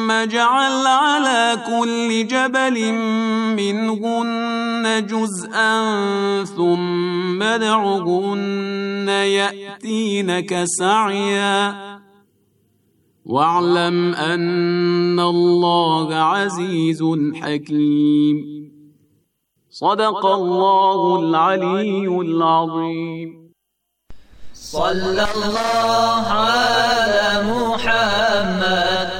ثم جعل على كل جبل منهن جزءا ثم ادعهن ياتينك سعيا واعلم ان الله عزيز حكيم صدق الله العلي العظيم صلى الله على محمد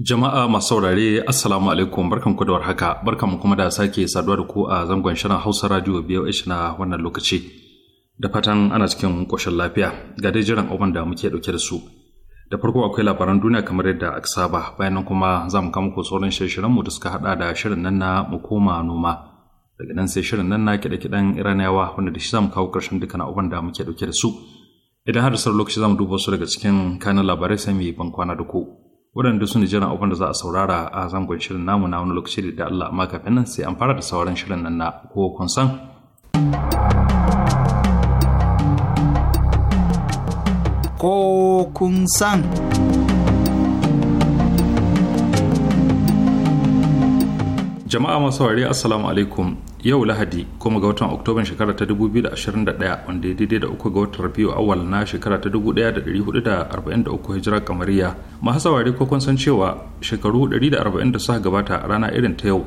Jama'a masu saurare Assalamu alaikum barkanku da warhaka barkanmu kuma da sake saduwa da ku a zangon shirin Hausa Radio BOH na wannan lokaci. Da fatan ana cikin ƙoshin lafiya ga dai jiran abin da muke ɗauke da su. Da farko akwai labaran duniya kamar yadda aka saba bayan nan kuma za mu kama ku sauran shirin mu da suka haɗa da shirin nan na mu koma noma. Daga nan sai shirin nan na kiɗa-kiɗan kiɗan Iraniyawa wanda da shi za mu kawo ƙarshen dukkan abin da muke dauke da su. Idan har da sauran lokaci za mu duba su daga cikin kayan labarai sai mu yi ban kwana da ku. waɗanda su ne jiran abin da za a saurara a zangon shirin namu na wani lokaci da Allah amma kafin nan sai an fara da sauran shirin nan na ko kun san. Ko kun san. Jama'a masu wari Assalamu alaikum yau lahadi kuma ga watan oktoban shekara ta 2021 wanda ya daidai da uku ga watan rabiu awal na shekara ta 1443 hijira kamariya masu saurari ko kun san cewa shekaru 140 da suka gabata rana irin ta yau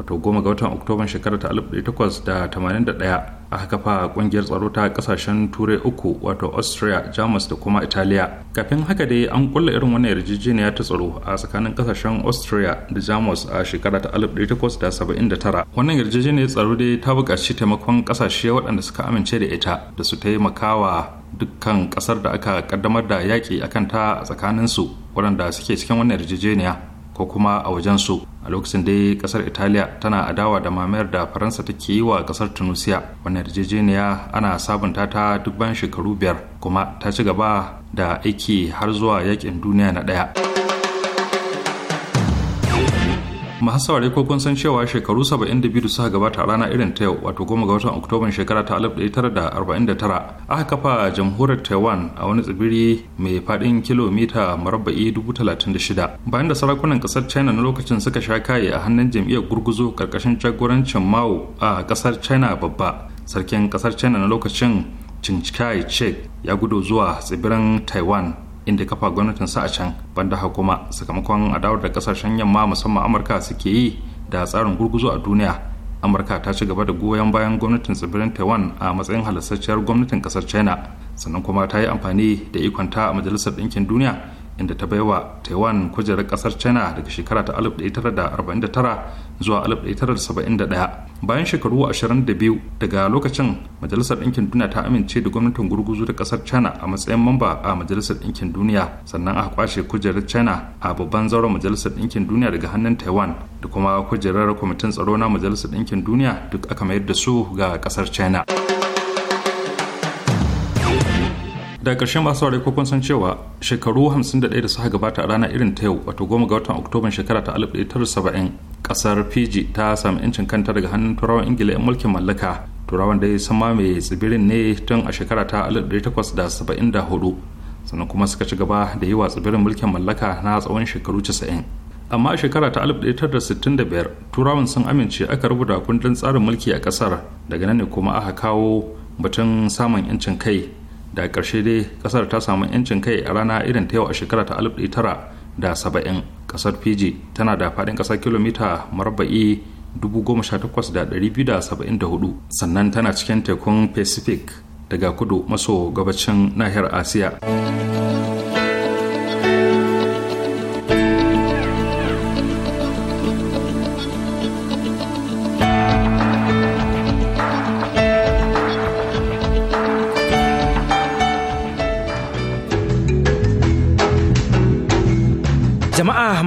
wato goma ga watan oktoban shekarar ta 1881 aka kafa kungiyar tsaro ta kasashen turai uku wato austria jamus da kuma italiya kafin haka dai an kulla irin wannan yarjejeniya ta tsaro a tsakanin kasashen austria da jamus a shekarar ta 1879 wannan yarjejeniyar tsaro dai ta buƙaci taimakon kasashe waɗanda suka amince da ita da su taimakawa dukkan kasar da aka kaddamar da yaƙi akan ta a tsakaninsu waɗanda suke cikin wannan yarjejeniya ko kuma a wajen su a lokacin dai kasar italiya tana adawa da mamayar da faransa take yi wa kasar tunisia wannan yarjejeniya ana sabunta ta duk bayan shekaru biyar kuma ta ci gaba da aiki har zuwa yakin duniya na ɗaya. masu saurare ko kun san cewa shekaru 72 suka gabata a rana irin ta yau wato goma ga watan oktoban shekara ta 1949 aka kafa jamhuriyar taiwan a wani tsibiri mai faɗin kilomita marabba'i 36 bayan da sarakunan kasar china na lokacin suka sha kaye a hannun jam'iyyar gurguzo ƙarƙashin jagorancin mao a kasar china babba sarkin kasar china na lokacin chinchikai chek ya gudu zuwa tsibirin taiwan inda kafa gwamnatin sa a can banda kuma sakamakon adawar da kasashen yamma musamman amurka suke yi da tsarin gurguzu a duniya amurka ta ci gaba da goyon bayan gwamnatin tsibirin taiwan a matsayin halassacciyar gwamnatin kasar china sannan kuma ta yi amfani da ikonta a majalisar ɗinkin duniya inda ta baiwa taiwan kujerar kasar china daga shekara ta 1949 zuwa 1971 bayan shekaru 22 daga lokacin majalisar ɗinkin duniya ta amince da gwamnatin gurguzu da ƙasar china a matsayin mamba a majalisar ɗinkin duniya sannan aka kwashe kujerar china a babban zauren majalisar ɗinkin duniya daga hannun taiwan da kuma kujerar kwamitin tsaro na majalisar ɗinkin duniya duk aka mayar da su ga ƙasar china da ƙarshen masu ware kun san cewa shekaru 51 da suka gabata a rana irin ta yau wato goma ga watan oktoban shekara ta 1970 kasar fiji ta sami incin kanta daga hannun turawan ingila 'yan mulkin mallaka turawan da ya sama mai tsibirin ne tun a shekara ta 1874 sannan kuma suka ci gaba da yi wa tsibirin mulkin mallaka na tsawon shekaru 90 amma a shekara ta 1965 turawan sun amince aka rubuta kundin tsarin mulki a kasar daga nan ne kuma aka kawo batun samun 'yancin kai da ƙarshe dai ƙasar ta samu 'yancin kai a rana irin ta yau a shekara ta 1970 ƙasar fiji tana da faɗin ƙasar kilomita marba'i 18,274 sannan tana cikin tekun pacific daga kudu maso gabacin nahiyar asiya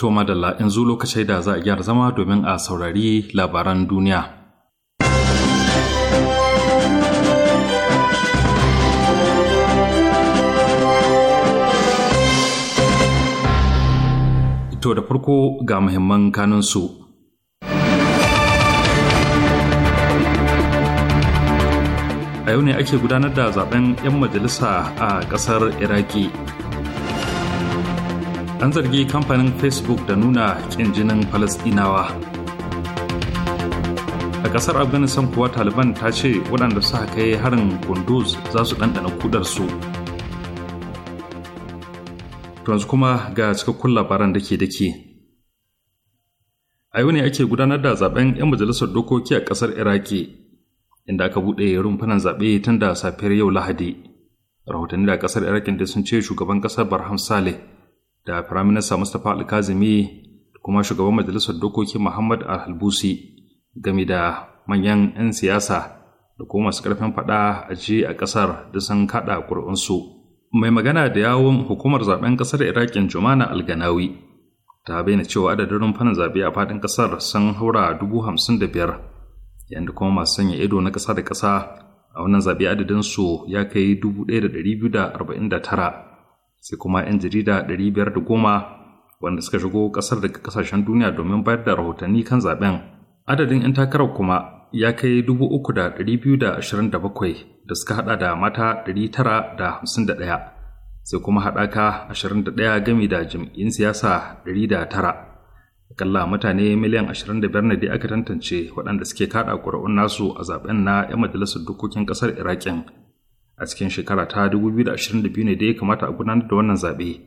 To madalla yanzu lokacin da za a gyara zama domin a saurari labaran duniya. To da farko ga muhimman kanunsu. A yau ne ake gudanar da zaben 'yan majalisa a ƙasar Iraki. an zargi kamfanin facebook da nuna ƙin jinin falasɗinawa a ƙasar afghanistan kuwa taliban ta ce waɗanda suka kai harin kunduz za su ɗanɗana kudarsu yanzu kuma ga cikakkun labaran da ke dake a yau ne ake gudanar da zaben 'yan majalisar dokoki a ƙasar iraki inda aka buɗe rumfunan zaɓe tun da safiyar yau lahadi rahotanni da ƙasar iraki da sun ce shugaban ƙasar barham saleh da firaminista mustapha alkazimi kuma shugaban majalisar dokokin muhammad al-halbusi game da manyan 'yan siyasa da kuma masu karfin faɗa a ji a kasar da sun kada ƙuri'unsu mai magana da yawon hukumar zaben kasar irakin jumana alganawi ta bayyana cewa adadin rumfanin zaɓe a faɗin ƙasar sun haura dubu hamsin da biyar yadda kuma masu sanya ido na ƙasa da kasa a wannan zaɓe adadinsu ya kai dubu ɗaya da ɗari biyu da arba'in da tara sai kuma 'yan jarida 510 wanda suka shigo ƙasar daga ƙasashen duniya domin bayar da rahotanni kan zaɓen. Adadin 'yan takarar kuma ya kai 3,227 da suka hada da mata 951 sai kuma haɗaka 21 gami da jam'in siyasa 109. Akalla mutane miliyan 25 ne dai aka tantance waɗanda suke kaɗa ƙuri'un nasu a zaɓen na 'yan majalisar dokokin ƙasar Iraƙin. a cikin shekara ta 2022 ne da ya kamata a gudanar da wannan zaɓe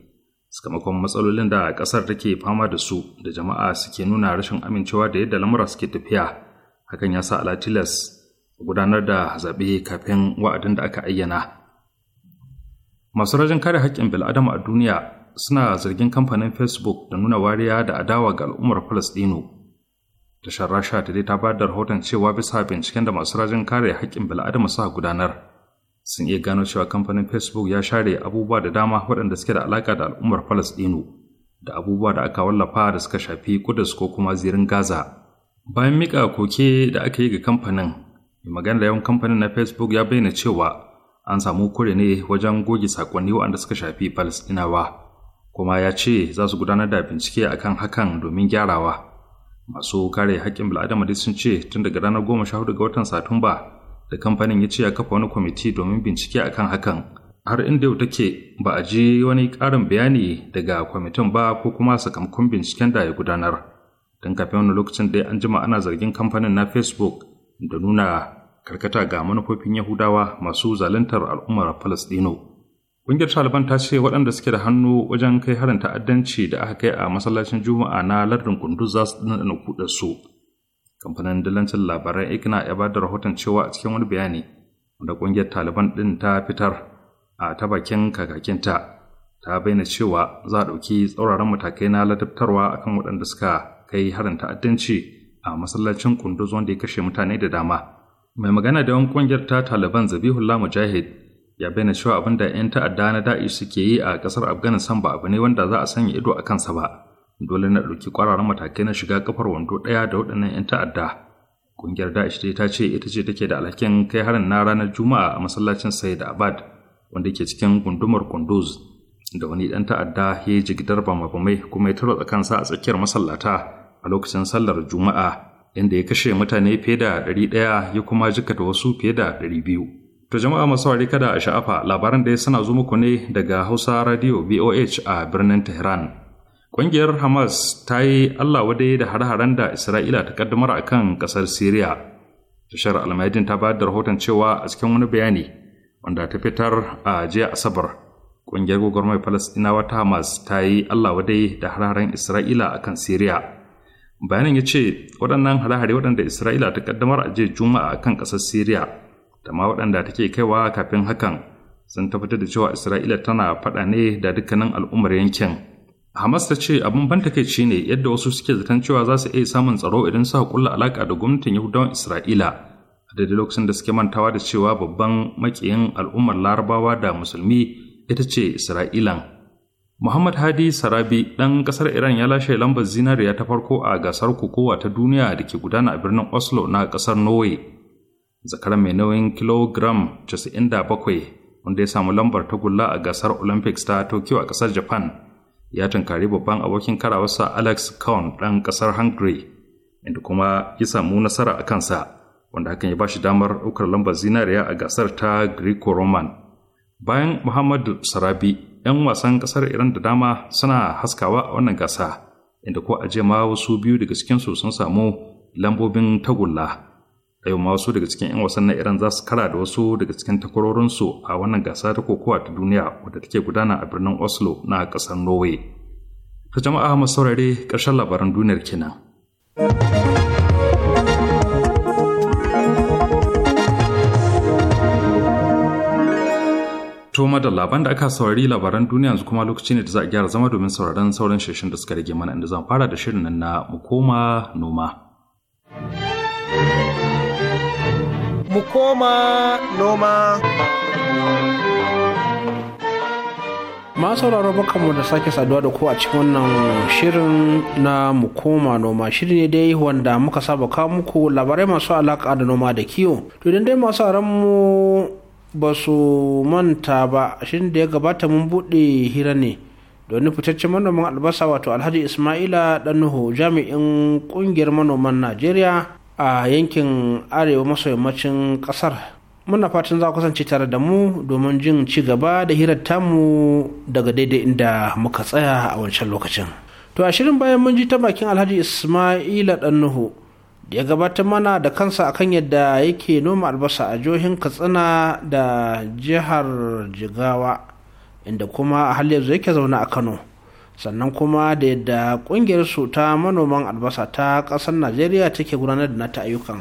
sakamakon matsalolin da ƙasar take fama da su da jama'a suke nuna rashin amincewa da yadda lamura suke tafiya hakan ya sa alatilas gudanar da zaɓe kafin wa'adin da aka ayyana masu rajin kare haƙƙin bil'adama a duniya suna zargin kamfanin facebook da nuna wariya da adawa ga al'ummar falastino tashar rasha ta dai ta bayar da rahoton cewa bisa binciken da masu rajin kare haƙƙin bil'adama suka gudanar sun iya gano cewa kamfanin facebook ya share abubuwa da dama waɗanda suke da alaƙa da al'ummar palestino da abubuwa da aka wallafa da suka shafi kudus ko kuma zirin gaza bayan mika koke da aka yi ga kamfanin mai magana da yawan kamfanin na facebook ya bayyana cewa an samu kure ne wajen goge sakonni waɗanda suka shafi falasɗinawa kuma ya ce za su gudanar da bincike akan hakan domin gyarawa masu kare haƙƙin bil'adama sun ce tun daga ranar goma sha hudu ga watan satumba da kamfanin ya ce ya kafa wani kwamiti domin bincike akan hakan har inda yau take ba a je wani ƙarin bayani daga kwamitin ba ko kuma sakamakon binciken da ya gudanar don kafin wani lokacin dai an jima ana zargin kamfanin na facebook da nuna karkata ga manufofin yahudawa masu zaluntar al'ummar falastino Ƙungiyar Taliban ta ce waɗanda suke da hannu wajen kai harin ta'addanci da aka kai a masallacin Juma'a na lardin Kunduz za su dana su. kamfanin dillancin labaran ikna ya ba da rahoton cewa a cikin wani bayani wanda ƙungiyar taliban ɗin ta fitar a ta bakin kakakinta ta bayyana cewa za a ɗauki tsauraran matakai na ladabtarwa a kan waɗanda suka kai harin ta'addanci a masallacin kunduz wanda ya kashe mutane da dama mai magana da yawan ƙungiyar ta taliban zabihullah mujahid ya bayyana cewa abin da 'yan ta'adda na da'ish suke yi a ƙasar afghanistan ba abu ne wanda za a sanya ido a kansa ba dole na ɗauki ƙwararren matakai na shiga kafar wando ɗaya da waɗannan 'yan ta'adda ƙungiyar da'ish dai ta ce ita ce take da alhakin kai harin na ranar juma'a a masallacin Sayyid abad wanda ke cikin gundumar kunduz da wani ɗan ta'adda ya yi jigidar bamabamai kuma ya tarwatsa kansa a tsakiyar masallata a lokacin sallar juma'a inda ya kashe mutane fiye da ɗari ɗaya ya kuma jikata wasu fiye da ɗari biyu to jama'a masu wari kada a sha'afa labaran da ya sana zo muku ne daga hausa radio voh a birnin tehran Ƙungiyar Hamas ta yi Allah wadai da har-haren da Isra'ila ta ƙaddamar a kan ƙasar Siriya. Tashar Almadin ta bayar da rahoton cewa a cikin wani bayani wanda ta fitar a jiya Asabar. Ƙungiyar mai Falasɗinawa ta Hamas ta yi Allah wadai da har-haren Isra'ila a kan Siriya. Bayanin ya ce waɗannan hare-hare waɗanda Isra'ila ta kaddamar a jiya Juma'a a kan ƙasar Siriya da ma waɗanda take kaiwa kafin hakan sun tabbatar da cewa Isra'ila tana faɗa ne da dukkanin al'ummar yankin. Hamas ta ce abin ban takaici ne yadda wasu suke zaton cewa za su iya samun tsaro idan suka kulla alaka da gwamnatin Yahudawan Isra'ila a daidai lokacin da suke mantawa da cewa babban makiyin al'ummar Larabawa da Musulmi ita ce Isra'ilan. Muhammad Hadi Sarabi ɗan ƙasar Iran ya lashe lambar zinariya ta farko a gasar kokowa ta duniya da ke gudana a birnin Oslo na ƙasar Norway. Zakaran mai nauyin kilogram 97 wanda ya samu lambar ta gulla a gasar Olympics ta Tokyo a ƙasar Japan. ya tunkari babban abokin karawarsa Alex Kahn ɗan ƙasar Hungary inda kuma ya samu nasara a kansa wanda hakan ya ba shi damar ɗaukar lambar zinariya a gasar ta Greco-Roman. Bayan Muhammadu Sarabi, 'yan wasan ƙasar Iran da dama suna haskawa a wannan gasa, inda ko a jema wasu biyu daga cikinsu sun samu lambobin tagulla. a yau ma wasu daga cikin 'yan wasan na iran za su kara da wasu daga cikin takwarorinsu a wannan gasa ta kokowa ta duniya wadda take gudana a birnin oslo na ƙasar norway ta jama'a masu saurare ƙarshen labaran duniyar kenan. To da laban da aka saurari labaran duniya yanzu kuma lokaci ne da za a gyara zama domin sauraron sauran shirin da suka rage mana inda zan fara da shirin nan na mu koma noma. mu koma noma. masu sauraro mu da sake saduwa da ku a cikin wannan shirin na mu koma noma shiri ne dai wanda muka saba kawo muku labarai masu alaka da noma da kiwo to idan dai masu mu ba su manta ba shirin da ya gabata mun buɗe hira ne domin fitaccen manoman albasa wato alhaji ismaila nuhu jami'in ƙungiyar manoman najeriya a yankin arewa maso yammacin kasar muna fatan za kusance tare da mu domin jin ci gaba da hirar tamu daga daidai inda muka tsaya a wancan lokacin to a shirin bayan mun ji ta bakin alhaji ismaila ɗannuhu da ya gabatar mana da kansa akan yadda yake noma albasa a jihohin katsina da jihar jigawa inda kuma a hal yanzu yake zauna a kano sannan kuma da yadda kungiyar su ta manoman albasa ta kasar najeriya take gudanar da nata ayyukan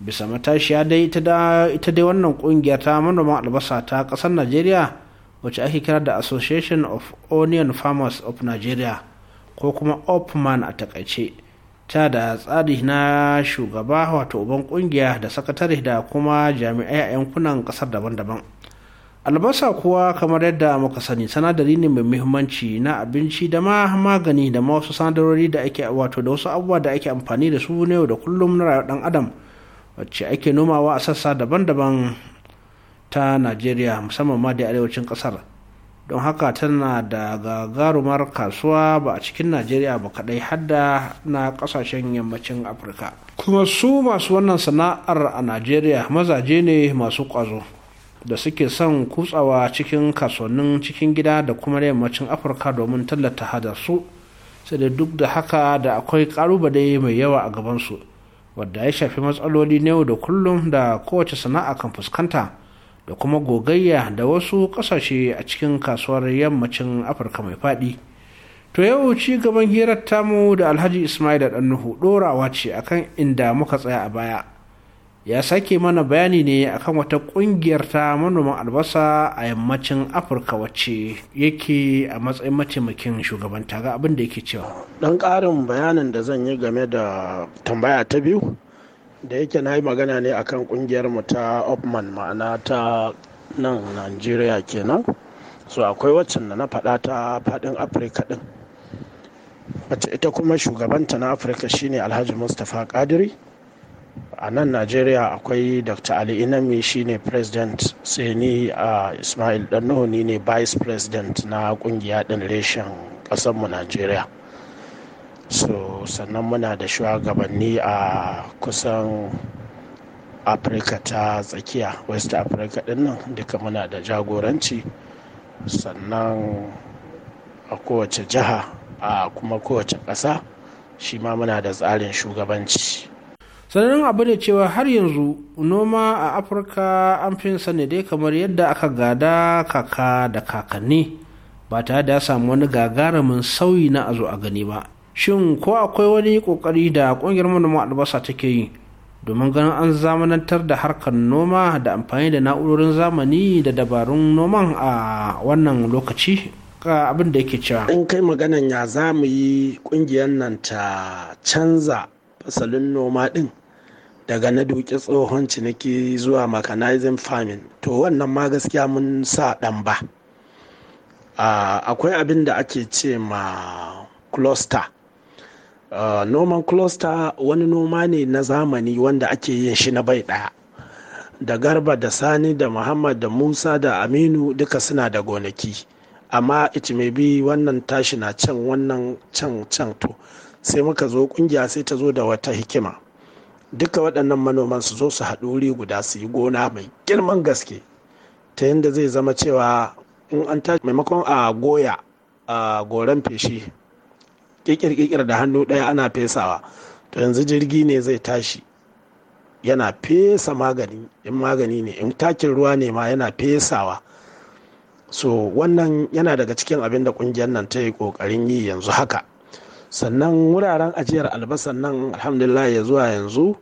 bisa matashiya dai ita dai wannan kungiyar ta manoman albasa ta kasar najeriya wacce ake kira da association of onion farmers of nigeria ko kuma opman a takaice ta da tsari na shugaba wato uban kungiya da sakatare da kuma jami'ai a yankunan kasar daban-daban albasa kuwa kamar yadda muka sani sanadari ne mai muhimmanci na abinci da ma magani da ma wasu sanadarori da ake wato da wasu abubuwa da ake amfani da su ne da kullum na rayuwar dan adam wacce ake nomawa a sassa daban-daban ta najeriya musamman ma da arewacin kasar don haka tana da gagarumar kasuwa ba a cikin najeriya ba kadai hadda na kasashen yammacin afirka kuma su masu wannan sana'ar a najeriya mazaje ne masu kwazo da suke son kutsawa cikin kasuwannin cikin gida da kuma yammacin afirka domin tallata su sai da duk da haka da akwai ƙalubale mai yawa a gabansu wadda ya shafi matsaloli na yau da kullum da kowace sana'a kan fuskanta da kuma gogayya da wasu ƙasashe a cikin kasuwar yammacin afirka mai faɗi to yau ci gaban hirar tamu da alhaji ismail da nuhu ɗorawa ce akan inda muka tsaya a baya ya sake mana bayani ne akan wata kungiyar ta manoman albasa a yammacin afirka wacce yake a matsayin mataimakin shugabanta taga abin da yake cewa dan karin bayanin da zan yi game da tambaya ta biyu da yake na yi magana ne akan kungiyar mu ta opman ma'ana ta nan najeriya kenan so akwai waccan da na faɗa ta faɗin afirka ɗin ita kuma shugabanta na afirka shine alhaji mustapha kadiri a nan najeriya akwai dr ali inami shine president sai ni a ismail ni ne vice president na kungiya din reshen kasanmu najeriya so sannan muna da shugabanni a kusan afirka ta tsakiya west africa din nan duka muna da jagoranci sannan a kowace jiha a kuma kowace ƙasa shi ma muna da tsarin shugabanci sanannen abu ne cewa har yanzu noma a afirka an fi sani dai kamar yadda aka gada kaka da kakanni ba tare da ya samu wani gagarumin sauyi na azu a gani ba shin ko akwai wani kokari da kungiyar manoma albasa take yi domin ganin an zamanantar da harkar noma da amfani da na'urorin zamani da dabarun noman a wannan lokaci ka abin da yake cewa in kai maganan ya za mu yi kungiyar nan ta canza fasalin noma din daga na duki tsohon ciniki zuwa mechanizing farming to wannan ma gaskiya mun sa dan ba akwai abin da ake ce ma cluster noman cluster wani noma ne na zamani wanda ake yin shi na bai ɗaya da garba da sani da muhammad da musa da aminu duka suna da gonaki amma it may be wannan tashi na can wannan can can to sai muka zo kungiya sai ta zo da wata hikima duka waɗannan manoman su zo su haɗu wuri guda su yi gona mai girman gaske ta yadda zai zama cewa in an tashi maimakon a goya a goren feshi kikir da hannu ɗaya ana fesawa to yanzu jirgi ne zai tashi yana fesa magani in magani ne in takin ruwa ne ma yana fesawa so wannan yana daga cikin abin da ƙungiyar nan ta yi kokarin yi yanzu haka sannan wuraren ajiyar albasan nan alhamdulillah ya zuwa yanzu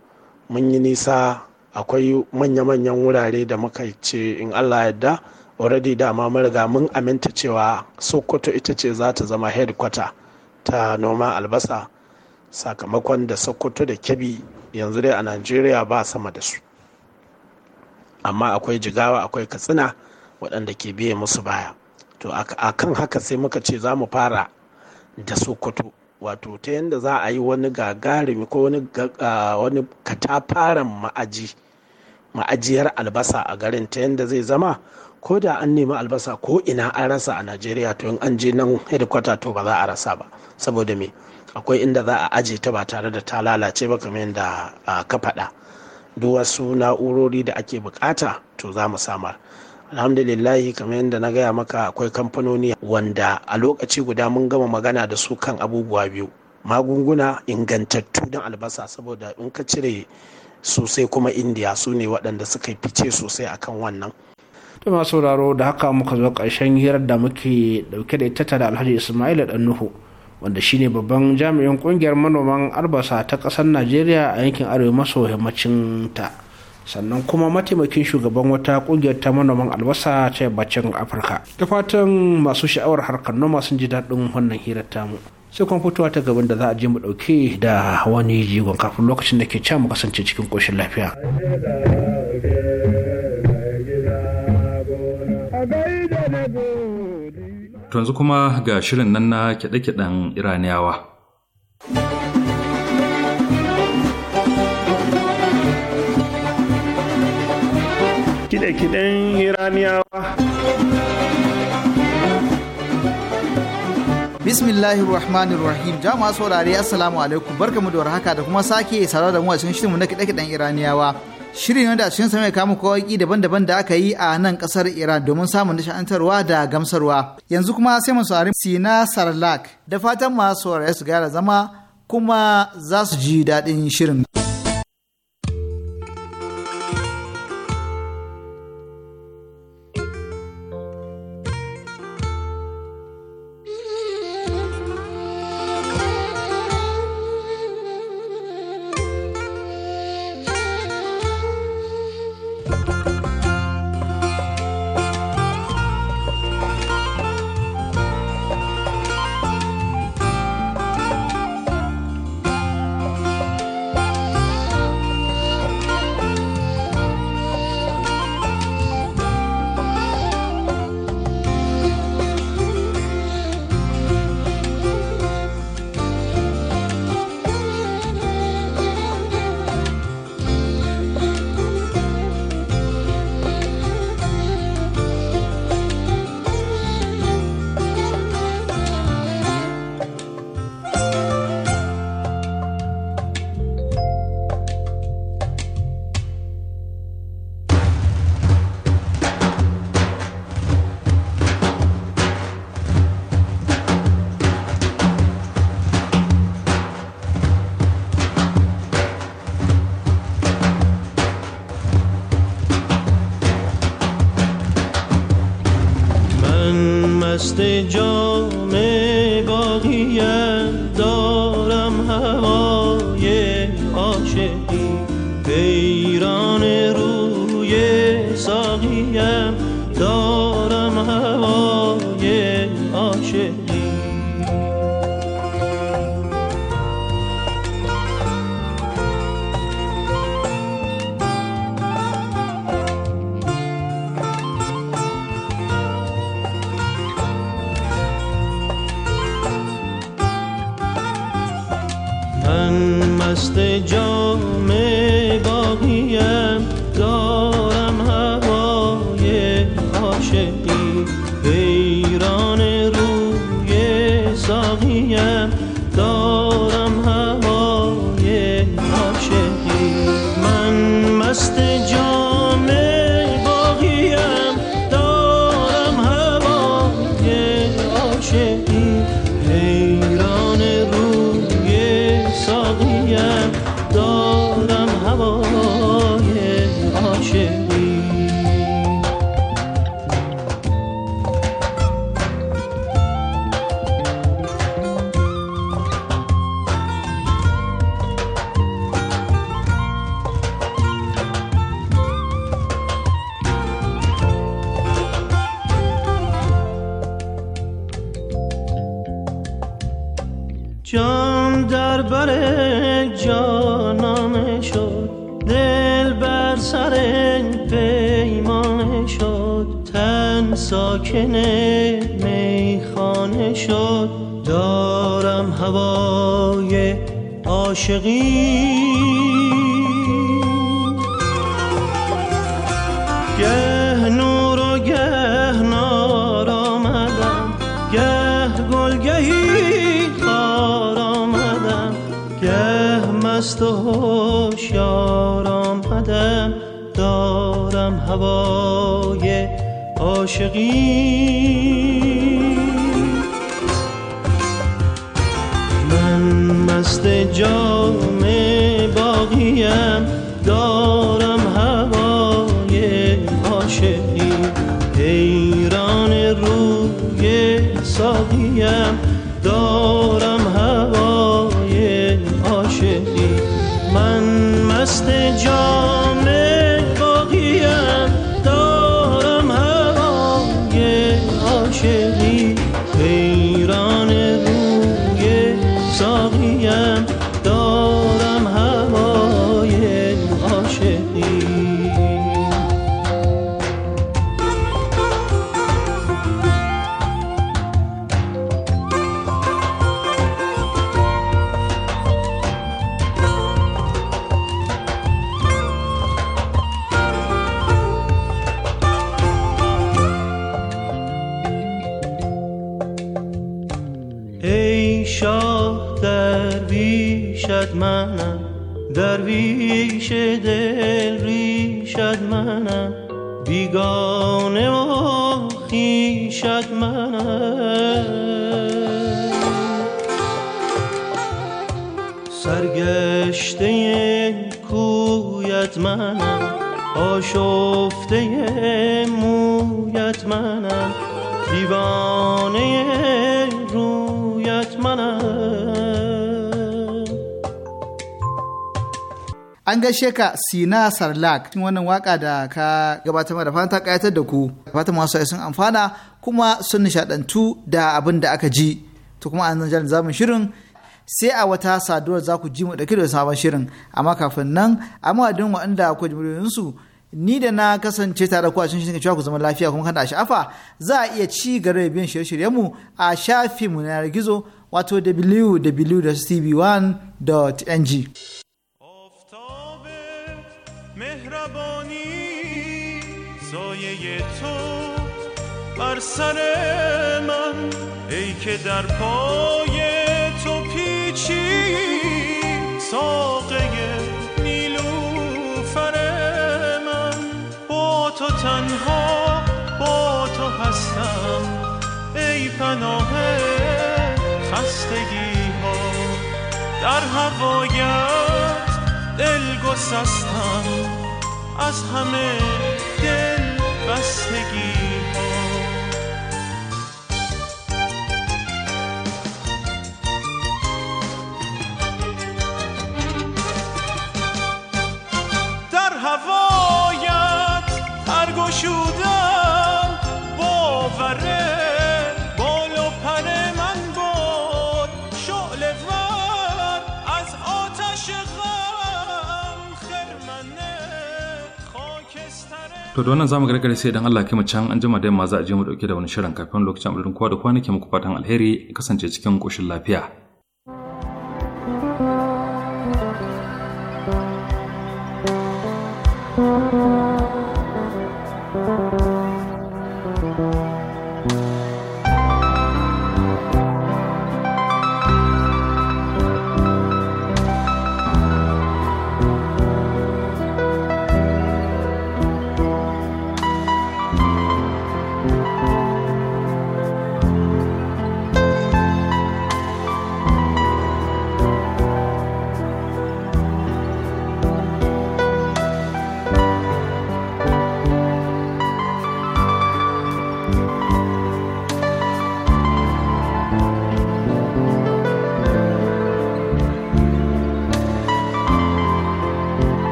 mun yi nisa akwai manya-manyan wurare da muka ce in allah yadda already dama mun riga mun aminta cewa sokoto ita ce za ta zama headquarter ta noma albasa sakamakon da sokoto da kebi yanzu dai a nigeria ba sama da su amma akwai jigawa akwai katsina waɗanda ke biye musu baya to a kan haka sai muka ce za mu fara da sokoto wato ta yadda za a yi wani gagarumi ko wani katafaren ma'aji ma'ajiyar albasa a garin ta yadda zai zama ko da an nemi albasa ko ina an rasa a najeriya to in an je nan hedikwata to ba za a rasa ba saboda me akwai inda za a aje ta ba tare da ta lalace ba kamar yadda ka faɗa duk wasu na'urori da ake bukata to za mu samar alhamdulillah kamar yadda na gaya maka akwai kamfanoni wanda a lokaci guda mun gama magana da su kan abubuwa biyu magunguna ingantattu don albasa saboda in ka cire sosai kuma indiya su ne waɗanda suka fice sosai akan wannan to masu sauraro da haka muka zo ƙarshen hirar da muke ɗauke da ita tare alhaji ismaila nuhu wanda shine babban jami'in ƙungiyar manoman albasa ta ƙasar najeriya a yankin arewa maso yammacin ta sannan kuma mataimakin shugaban wata kungiyar ta manoman albasa ta yammacin afirka ta fatan masu sha'awar harkar noma sun ji daɗin wannan hirar tamu sai kuma fitowa ta gaban da za a je mu ɗauke da wani jigon kafin lokacin da ke mu kasance cikin ƙoshin lafiya To kuma ga shirin nan na kiɗe-kiɗen Iraniyawa. kide-kiden iraniyawa bismillahir rahmanir rahim jama'a saurare assalamu alaikum barkamu da warhaka da kuma sake saurara da mu a cikin shirinmu na kide-kiden iraniyawa shirin wanda a cikin sa kamun kama kawaki daban-daban da aka yi a nan kasar iran domin samun nishantarwa da gamsarwa yanzu kuma sai mu saurari sina sarlak da fatan masu saurare su gyara zama kuma za su ji daɗin shirin stage John. دارم هم میخانه شد دارم هوای عاشقی گه نور و گه نار آمدم گه گلگهی خار آمدم گه مست و حوشیار آمدم دارم هوای عاشقی من مست جام باقیم دارم هوای عاشقی حیران روی ساقیم دارم هوای عاشقی من مست جام کویت منم آشفته مویت منم دیوانه رویت منم an gaishe ka sina sarlak cikin wannan waka da ka gabatar da ta kayatar da ku fata masu sun amfana kuma sun nishadantu da abin da aka ji to kuma an zan zamun shirin sai a wata saduwar za ku ji mu ɗauki da sabon shirin amma kafin nan a madadin waɗanda ku jimirinsu ni da na kasance tare ku a cikin shirin cewa ku zama lafiya kuma kada a sha'afa za a iya ci gaba da biyan shirye mu a shafin mu na yanar gizo wato www.tv1.ng. سایه تو بر سر من ای که در پای پناه خستگی ها در هوایت دل گسستم از همه دل بستگی در هوایت هر گشودم باوره to da wannan zamu gargare sai dan Allah mu can an jima da yamma za a je mu dauke da wani shirin kafin lokacin abudin kowa da kwanaki muku fatan alheri kasance cikin koshin lafiya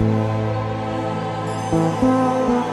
Thank you.